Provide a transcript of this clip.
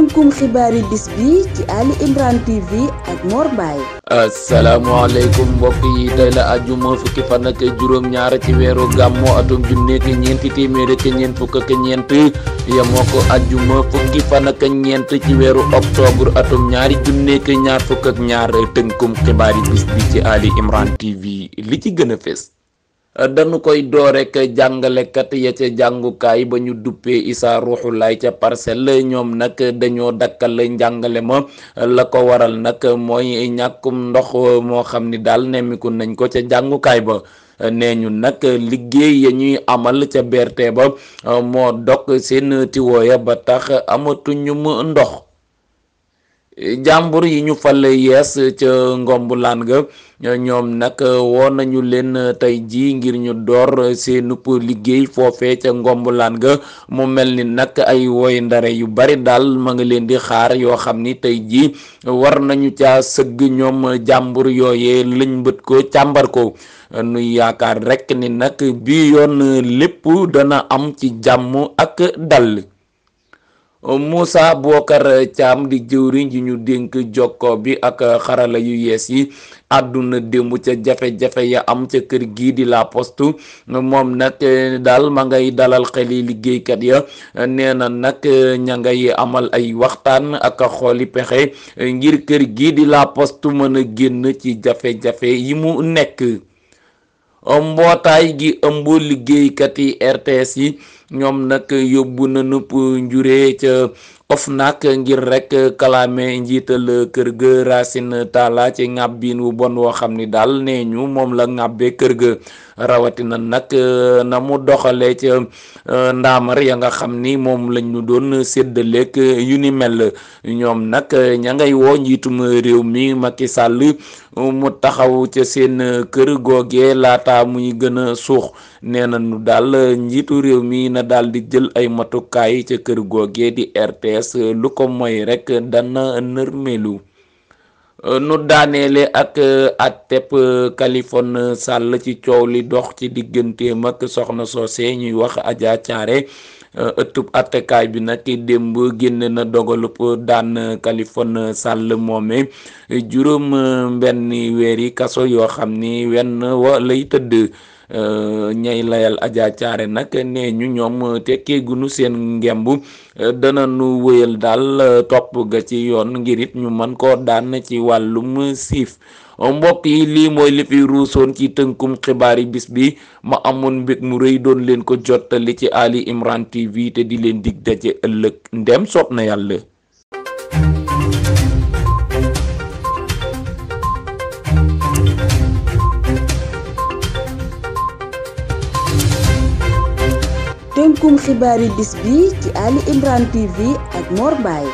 Tënkum xibaari bis bi ci Ali Imran TV ak Mor Mbaye. asalaamaaleykum mbokk yi tey la àjjuma fukki fan ak juróom-ñaar ci weeru gàmmu atum junni ñeenti téeméer ak ñeent fukk ak ñeent yemoo ko fukki fan ñeent ci weeru octobre atum ñaari junni ñaar fukk ak ñaar tënkum xibaari bis bi ci Ali Imran TV li ci gën a fés. dañu koy doorek rek jàngalekat ya ca jàngukaay ba ñu duppee Issa Ruuxu ca parcelle ñoom nag dañoo dakkal njàngale ma la ko waral nag mooy ñàkkum ndox moo xam ni daal nemmiku nañ ko ca jàngukaay ba nee ñu nag liggéey ya ñuy amal ca berte ba moo dog seen tiwooya ba tax ñum ndox jàmbur yi ñu fal yees ca ngombulaan ga ñoom nag eh, woon nañu leen eh, tey jii ngir ñu door seenub liggéey foofee ca ngombulaan ga mu mel ni nag ay woy ndare yu bari daal ma nga leen di xaar yoo xam ni tey jii war nañu ca sëgg ñoom jàmbur yooyee lëñ ko càmbar ko nuy yaakaar rekk ni nag bi yoon eh, lépp dana am ci jàmm ak dal Moussa Bokar Thiam di jëwriñ ji ñu dénk jokko bi ak xarala yu yees yi àdduna démb ca jafe-jafe ya am ca kër gi di la poste moom nag daal ma ngay dalal xeli liggéeykat ya nee na nag ña ngay amal ay waxtaan ak xooli pexe ngir kër gi di la poste mëna génn ci jafe-jafe yi mu nekk mbootaay gi ëmb liggéeykat yi RTS yi ñoom nag yóbbu na nëpp njuree ca OFNAC ngir rek kalaame njiital kër ga Racine Talla ci ŋàbbin wu bon woo xam ni daal nee ñu moom la ŋàbbe kër ga rawatina nag euh, na mu doxalee ca euh, ndaamar ya nga xam ni moom lañ ñu doon séddaleeg yu ni mel ñoom nag euh, ña ngay woo njiitum réew mi makki Sall mu taxaw ca seen kër googee laata muy gën a suux nee na nu daal njiitu réew mi na daal di jël ay matukaay ca kër googee di RTS lu ko moy rekk dana nërmelu nu daaneele ak àtteb uh, uh, Kaliphone sàll ci coow li dox ci digganteem ak soxna soose ñuy wax Adja Euh, ëttub atekaay bi nag démb génn na dogalub daan Kaliphone Sall moome juróom benn weeri kaso yoo xam ni wenn wa lay tëdd euh, ñay layal Adja nag nee ñu ñoom tekkee gunu seen ngemb euh, dana nu wëyal daal topp ga ci yoon ngir it ñu mën ko daan ci wàllum siif mbokk yi lii mooy li fi ruusoon ci tënkum xibaar bis bi ma amoon mbég mu rëy doon leen ko jottali ci Ali Imran TV te di leen dig daje ëllëg ndem soob na yàlla. tënkum xibaari bi ci Ali Imran TV ak Mor Mbaye